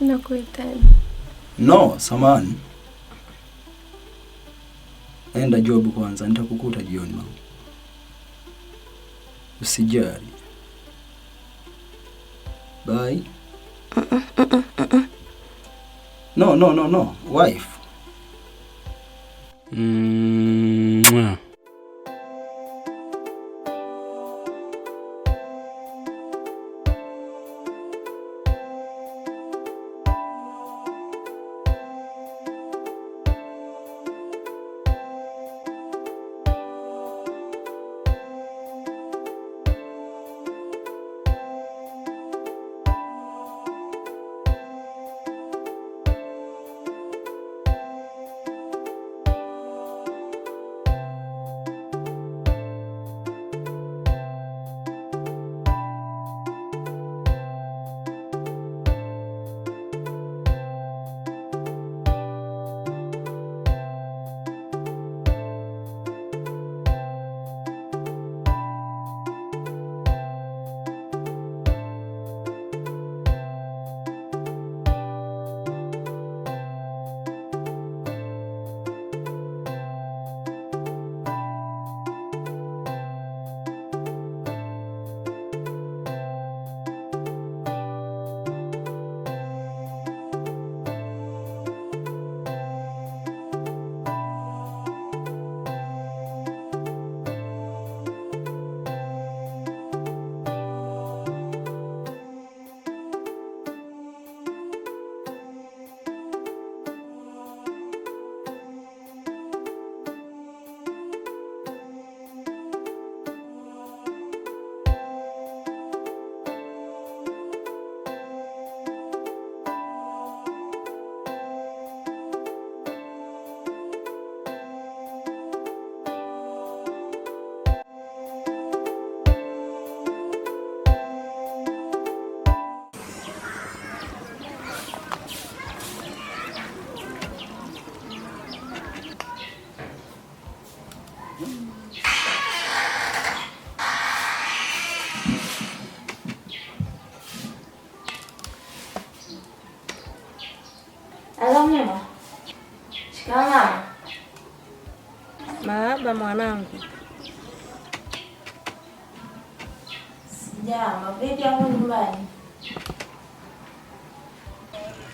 Nakuhitaji. No, samani. Enda job kwanza, nitakukuta jioni mama. Usijali. Bye. No, no, no, no. Wife. Mm -hmm.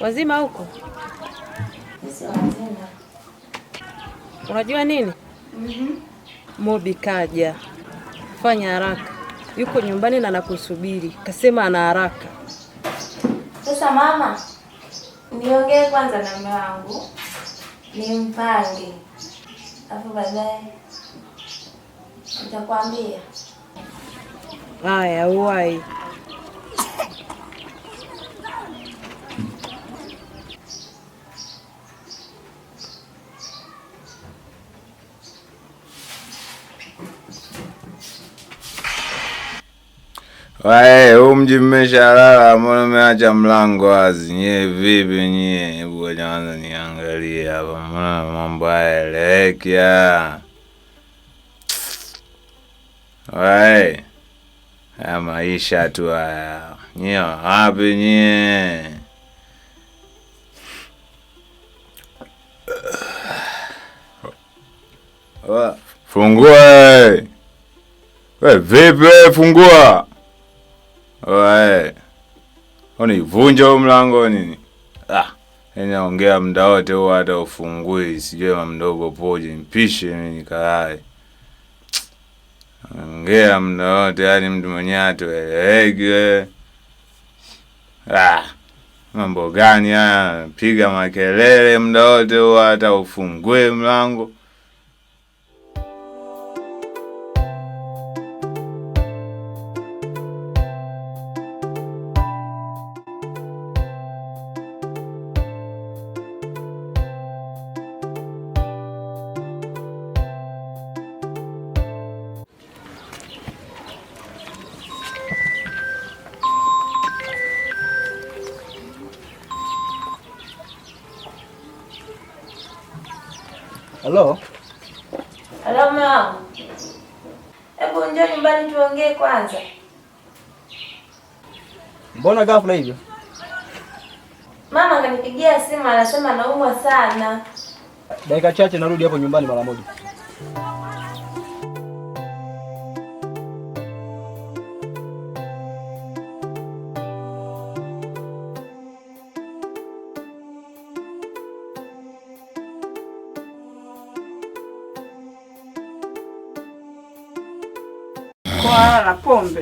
Wazima huko? Unajua nini? mm-hmm. Mobi kaja, fanya haraka, yuko nyumbani na nakusubiri kasema ana haraka. Sasa mama, niongee kwanza na mume wangu nimpange, alafu baadaye nitakwambia. Haya, uwai Wae, huu mji mmeshalala, mbona umeacha mlango wazi? Nyie vipi nyie? Hebu kwanza niangalie hapa, mbona mambo hayaeleweki? Wae, haya maisha tu haya, nyie wapi nyie? Fungua we, vipi we, fungua Wae. Oni vunja huu mlango nini? Ah, yaani naongea muda wote huo hata ufungui, sijui mama mdogo poje, mpishe mimi nikalae. Ongea muda wote yani mtu mwenyewe hatueleweki. Ah, mambo gani haya? Piga makelele muda wote huo hata ufungue mlango. Halo. Halo mama. Hebu njoo nyumbani tuongee kwanza. Mbona ghafla hivyo? Mama kanipigia simu anasema anaumwa sana. Dakika chache narudi hapo nyumbani mara moja. pombe.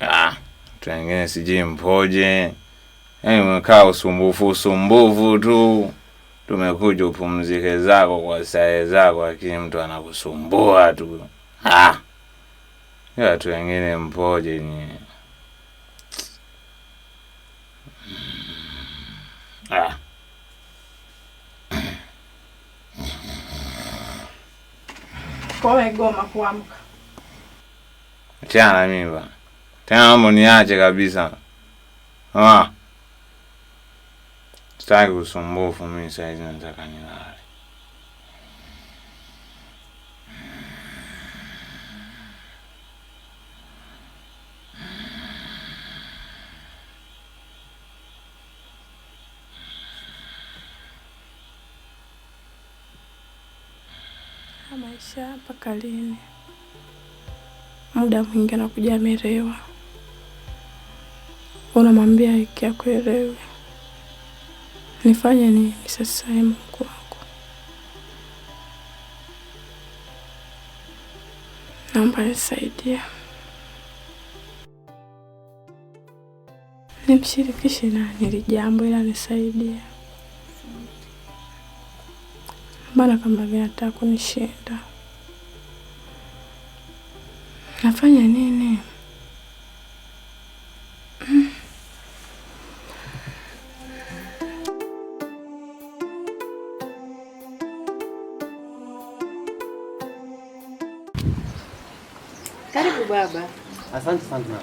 Ah, tengine sijui mpoje. Yaani umekaa usumbufu usumbufu tu. Tumekuja upumzike zako kwa starehe zako, lakini mtu anakusumbua tu. Ah. Ya watu mpoje ni. Ah. Pole Goma kuamka. Achana mimi bwana. Tena mambo niache kabisa. Ah. Sitaki usumbufu mimi saa hizi nataka nilale. Maisha hapa kalini muda mwingi anakuja amelewa, unamwambia hiki akuelewe. Nifanye nini sasa, Mungu wangu? Naomba nisaidia, nimshirikishe nani ili jambo, ila nisaidia, mbana kama vinataka kunishinda Nafanya nini? Karibu baba. Asante sana mama.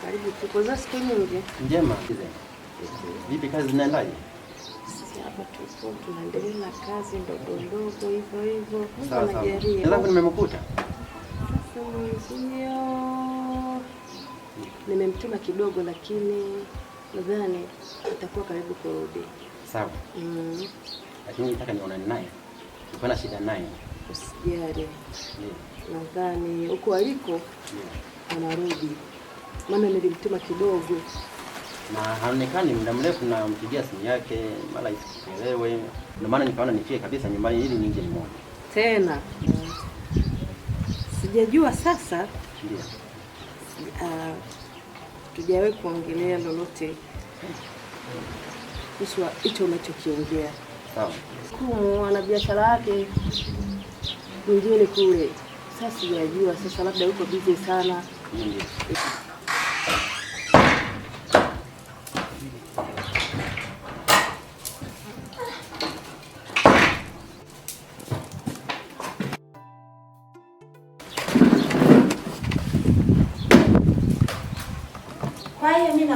Karibu, za siku nyingi. Njema. Vipi kazi zinaendaje? tuko tunaendelea na kazi ndogo ndogo hivyo hivyo. Nimekukuta mwenzio nimemtuma kidogo, lakini nadhani atakuwa karibu kurudi. Sawa. Mm. Lakini nataka nionane naye, kuna shida naye. Usijali, nadhani huko aliko anarudi, maana nilimtuma kidogo na haonekani muda mrefu, na mpigia simu yake mara isikuelewe, ndio maana nikaona nifie kabisa nyumbani ili ninje mmoja tena. Sijajua sasa uh, kuongelea lolote kuhusu hicho unachokiongea. Kumu ana biashara yake mwingine kule, sasa sijajua sasa, labda uko busy sana.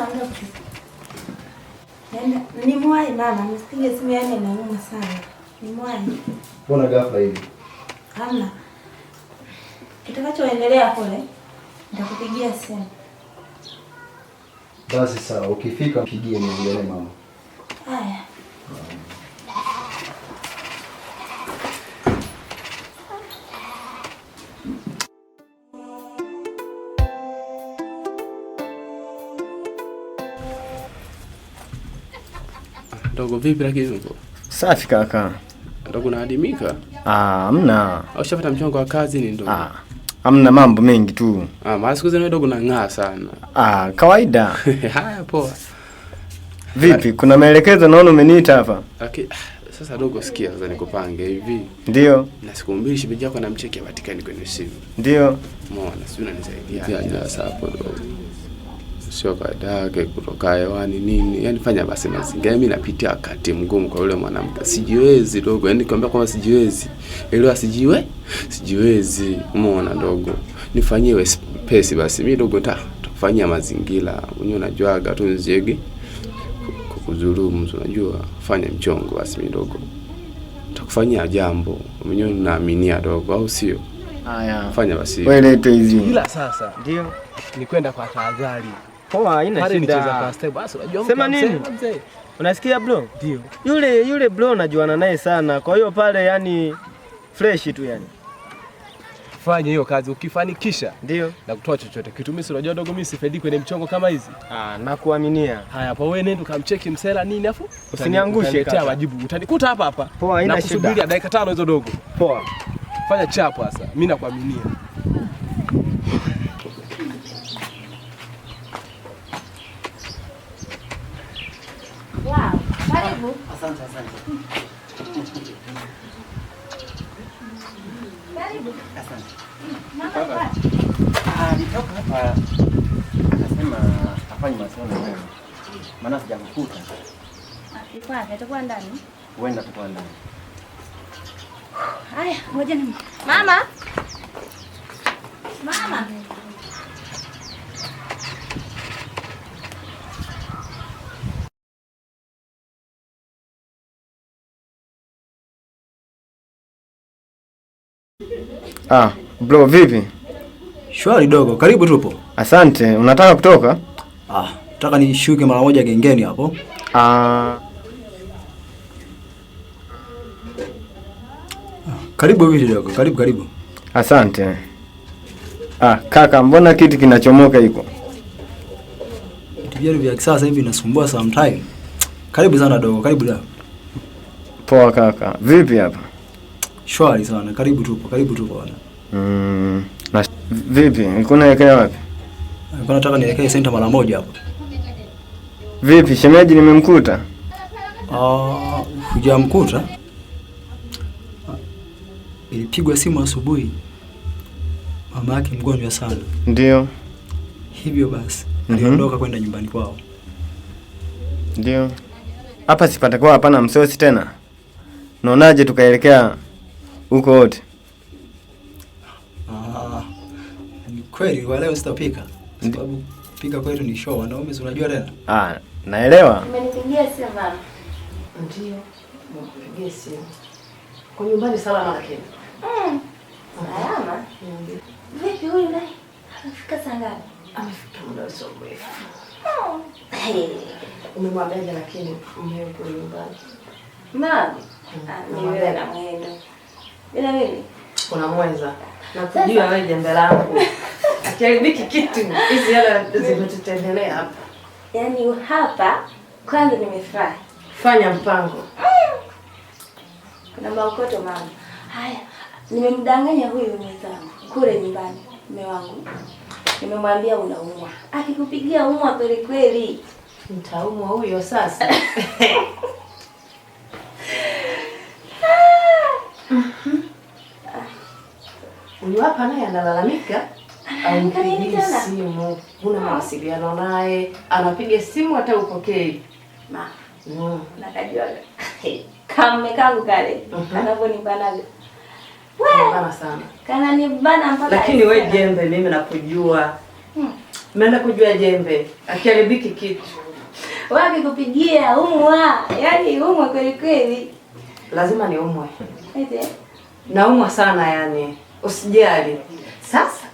aondoke. Yaani, ni mwai mama, msipige simu, yaani anauma sana. Ni mwai. Mbona ghafla hivi? Hamna. Kitakachoendelea kule nitakupigia simu. Basi sawa, ukifika mpigie mama. Ndogo vipi lakini huko? Safi kaka. Ndogo naadimika? Ah, hamna. Au shapata mchongo wa kazi ni ndogo? Ah. Hamna mambo mengi tu. Ah, maana siku zenu ndogo nang'aa sana. Ah, kawaida. Haya poa. Vipi, kuna maelekezo naona umeniita hapa. Okay. Ah, sasa dogo, sikia sasa, nikupange hivi. Ndio. Na siku mbili shemeji yako anamcheki apatikani kwenye simu. Ndio. Muona, sijui unanisaidia. Ndio, sawa dogo sio kadage kutoka hewani nini, yani fanya basi mazingira. Mimi yaani napitia wakati mgumu kwa yule mwanamke, sijiwezi dogo, yani nikiambia kwamba sijiwezi, elewa, sijiwe sijiwezi, umeona dogo, nifanyie wepesi basi mimi dogo, ta tufanyia mazingira, unyo najuaga tu nziege kukudhulumu, unajua fanya mchongo basi, mimi dogo takufanyia jambo, mwenyewe naaminia dogo, au sio? Haya, fanya basi wewe, lete hizi, ila sasa ndio ni kwenda kwa tahadhari. Poa, haina shida. Sema nini? Unasikia bro? Ndio. Yule yule bro najuana naye sana, kwa hiyo pale yani fresh tu yani. Fanya hiyo kazi ukifanikisha, ndio na kutoa chochote kitu. Mimi si unajua dogo, mimi sifedi kwenye mchongo kama hizi. Ah, nakuaminia. Haya, hapo wewe nenda ukamcheki msela nini, afu usiniangushe kaka, wajibu utanikuta hapa hapa. Poa, haina shida. Na Nakusubiria dakika tano hizo dogo. Poa, fanya chapa sasa, mimi nakuaminia. Asante, asante. Asante. Alitoka ah, hapa akasema afanye mawasiliano nawe, maana sijakukuta. Atakuwa ndani, huenda atakuwa ndani. Haya, ngoja mama, mama Ah, bro vipi? Shwari dogo, karibu tupo. Asante, unataka kutoka? Ah, nataka nishuke mara moja gengeni hapo. Ah. ah karibu vipi dogo, karibu karibu. Asante. Ah, kaka, mbona kiti kinachomoka hiko? Vitu vya kisasa hivi vinasumbua sometime. Karibu sana dogo, karibu da. Poa kaka, vipi hapa? Shwari sana. Karibu tupo, karibu tupo bwana. Mm. Na vipi? Ulikuwa unaelekea wapi? Nilikuwa nataka nielekee center mara moja hapo. Vipi? Shemeji nimemkuta? Ah, hujamkuta? Ilipigwa simu asubuhi. Mama yake mgonjwa sana. Ndio. Hivyo basi, mm -hmm. Aliondoka kwenda nyumbani kwao. Ndio. Hapa sipata kwa hapana msosi tena. Naonaje tukaelekea huko wote. Ah, kweli kwa leo sitapika sababu pika kwetu ni show, wanaume si unajua tena. Ah, naelewa. Umenipigia simu mama? Ndio. Nimepigia simu. Kwa nyumbani salama lakini. Mm. Salama. Vipi huyu naye? Amefika saa ngapi? Amefika muda sio mrefu. Mm. Umemwambia lakini mmeo kwa nyumbani? Mama, mm, ah, ni wewe na mwendo. Bila mimi mweza na kujua wewe jembe langu. Akiharibiki kitu hizi hela zimetutendelea hapa. Yaani hapa kwanza nimefurahi. Fanya mpango. Kuna maokoto mama. Haya, nimemdanganya huyu mwenzangu kule nyumbani mume wangu. Nimemwambia unaumwa. Akikupigia umwa kweli kweli. Nitaumwa huyo sasa. huyu hapa naye analalamika, ampigi simu, kuna ah. mawasiliano naye, anapiga simu hata upokee. Mm. Mhm. Lakini we jembe, mimi nakujua, mimi hmm. kujua jembe, akiharibiki kitu wakikupigia umwa, yani umwa kweli kweli, lazima ni umwe, naumwa sana yani usijali. Sasa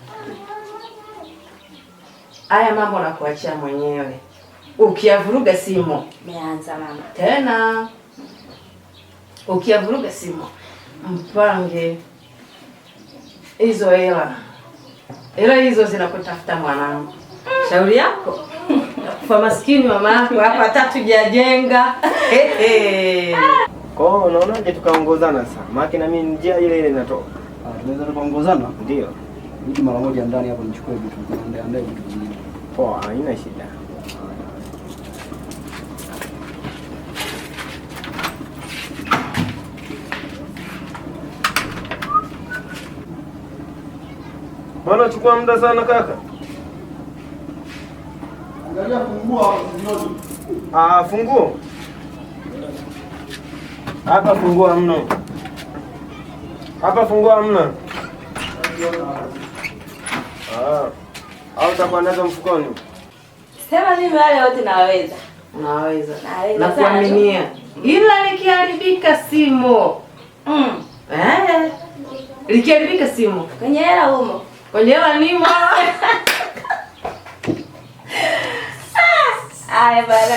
haya mambo nakuachia mwenyewe, ukiyavuruga simo meanza mama tena, ukiyavuruga simo mpange hizo hela, hela hizo zinakutafuta mwanangu. Shauri yako kwa maskini mama yako hapa hata tujajenga. Kwa hiyo unaonaje tukaongozana sasa? maana mimi njia ile ile natoka Unaweza tukaongozana, ndio iji mara moja ndani hapo nichukue vitu Ndio andae vitu vingine. Poa, haina shida. Mbona chukua muda sana kaka? Angalia funguo jioni. Ah, funguo. Hapa funguo hamna hapa funguo hamna ah, au utakuwa nazo mfukoni? Sema mimi wale wote naweza, naweza, Na kuaminia. ila likiharibika simu. mm. Eh, likiharibika simu. kwenye hela humo, kwenye hela nimo Aya bana,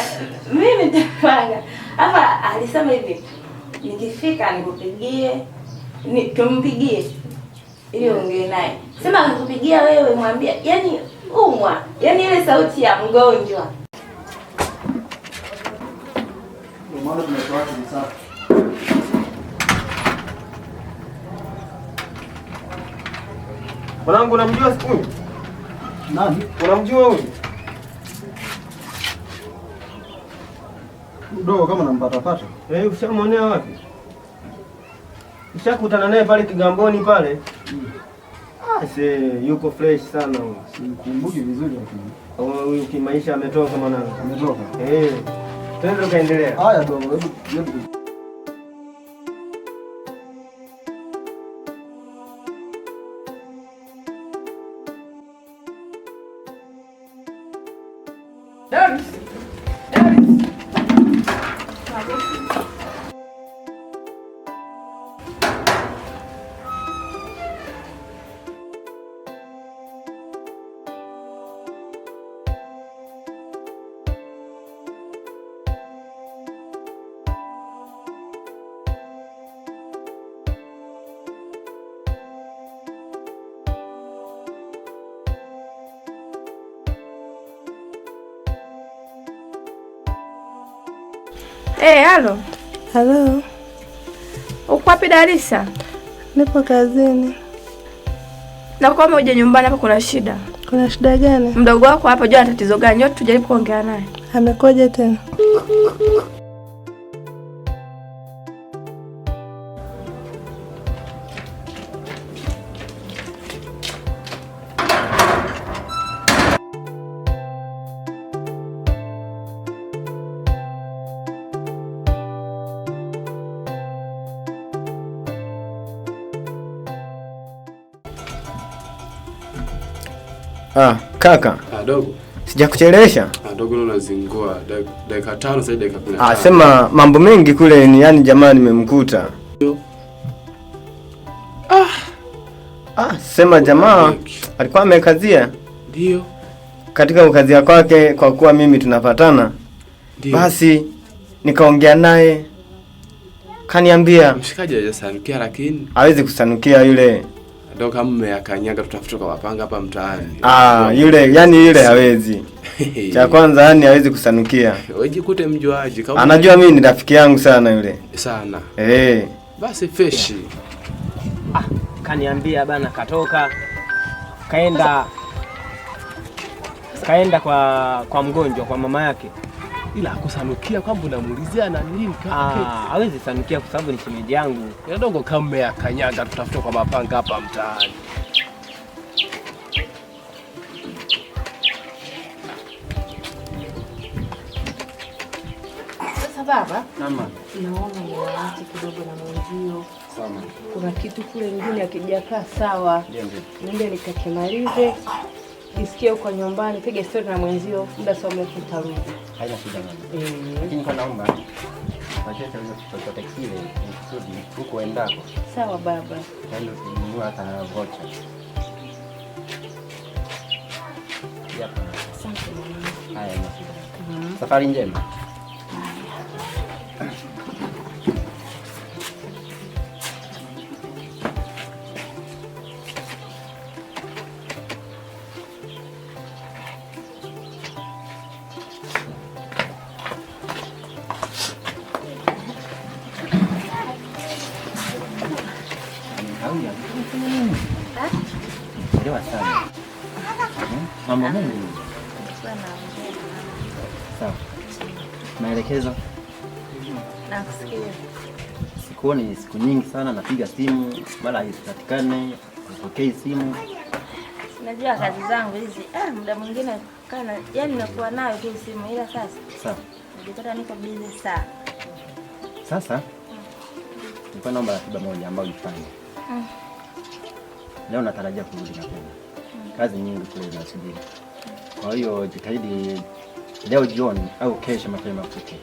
mimi nitapanga hapa. Alisema hivi, nikifika nikupigie tumpigie ili ongee naye. Sema akikupigia wewe mwambia, yani umwa, yani ile sauti ya mgonjwa Mwanangu, unamjua huyu? Nani? Unamjua huyu? Ndio, kama nampatapata. Eh, ushamwonea wapi? Nishakutana naye pale Kigamboni pale. Ah, se yuko fresh sana huyo. Sikumbuki vizuri lakini. Huyu kimaisha ametoka mwanangu. Ametoka. Eh. Twende kaendelea. Haya tu, hebu Dance. Hey, eh, halo. Halo. Uko wapi Darisa? Nipo kazini. Na kwa moja nyumbani hapa kuna shida? Kuna shida gani? Mdogo wako hapa jua tatizo gani? Yote tujaribu kuongea naye. Amekoje tena? Kaka ah, dogo, sijakuchelewesha sema mambo mengi kule ni yani, jamaa nimemkuta. Ah. Ah, sema jamaa alikuwa amekazia ndio katika ukazia kwake, kwa kuwa mimi tunapatana Dio. Basi nikaongea naye kaniambia, mshikaji hajasanukia, lakini hawezi kusanukia yule ndio kama akanyaga tutafuta kwa wapanga hapa mtaani. Ah, yule yani yule hawezi. Cha kwanza yani hawezi kusanukia. Wejikute mjuaji kama anajua mimi ni rafiki yangu sana yule. Sana. Eh. Hey. Basi feshi. Ah, kaniambia bana katoka. Kaenda kaenda kwa kwa mgonjwa kwa mama yake ila akusanukia kwamba unamuulizia nani ah, hawezi sanukia kwa sababu ni shemeji yangu. Dogo kama ya kanyaga tutafuta kwa mapanga hapa mtaani. Sasa baba, naona niwaache kidogo na mwenzio, kuna kitu kule ingine akijakaa sawa, nende nikakimalize isikie uko nyumbani, piga stori na mwenzio, muda sio mrefu utarudi. Haina shida mimi. Eh. Lakini kwa naomba wacheze chochote kile kusudi huko endako. Sawa baba. Yaani usinunue hata na vocha. Asante mama. Haya, mm-hmm. safari njema. mama Mungu. Sawa. Naelekeza. Sikuoni siku nyingi sana, napiga simu mara haipatikane, nipokee simu. Najua kazi zangu hizi. Ah, muda mwingine kana yani nakuwa nayo tu simu ila sasa. Sawa. niko busy sana. Sasa nilikuwa naomba ratiba moja ambayo ifanye. Mm. Leo natarajia kurudi na kazi nyingi kule zinasubiri. Kwa hiyo jitahidi leo jioni au kesho mapema ufike.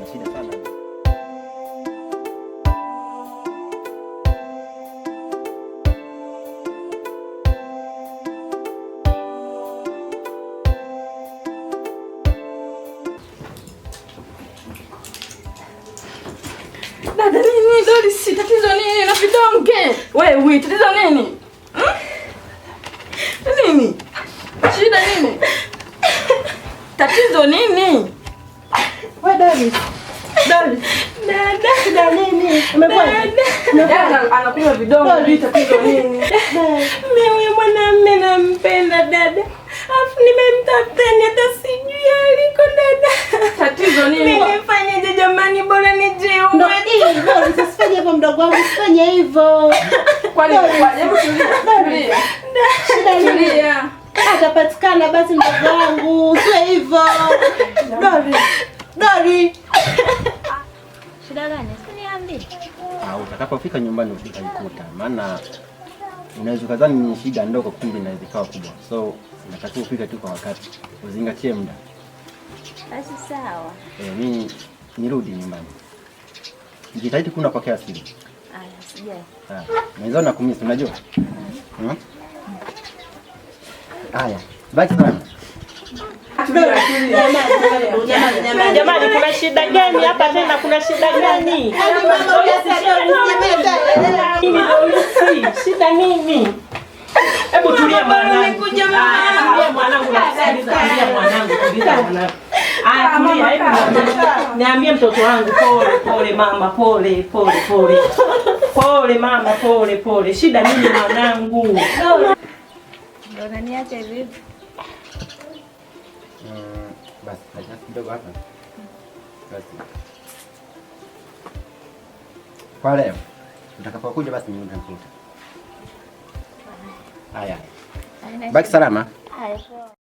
Na shida sana. Dada, nini? Tatizo nini? Wewe, tatizo nini? Hmm? Tatizo nini? Wewe Doris. Doris. Dada, shida nini? Umekuwa? Dada anakunywa vidonge, Doris, tatizo nini? Mimi mwanamume nampenda dada. Afu nimemtafuta ni hata sijui aliko dada. Tatizo nini? Nimefanyaje jamani, bora nijiue. Ndio hii, Doris, usifanye hivyo mdogo wangu, usifanye hivyo. Kwani kwa hebu tulia. Tulia. Shida atapatikana basi mdogo wangu, sio hivyo Dori. Dori. Shida gani? Usiniambie. Ah, utakapofika nyumbani utaikuta. Maana unaweza kadhani ni shida ndogo kumbe inaweza kuwa kubwa. So natakiwa ufike tu kwa wakati. Uzingatie muda. Basi sawa. Eh, mimi nirudi nyumbani. Jitahidi kuna kwa kiasi. Aya, sijai. Ah, mwanzo nakumisi unajua? Mhm. Haya, baki sana. Jamani, kuna shida gani hapa tena? Kuna shida gani? Shida nini? Hebu tulia mwanangu. Niambie mtoto wangu, pole pole mama, pole pole pole. Pole mama, pole pole. Shida nini mwanangu? Tanzania hivi mm, basi haja kidogo hapa basi. Kwa leo utakapokuja basi mimi nitakuta. Haya, baki salama. Haya. Ah,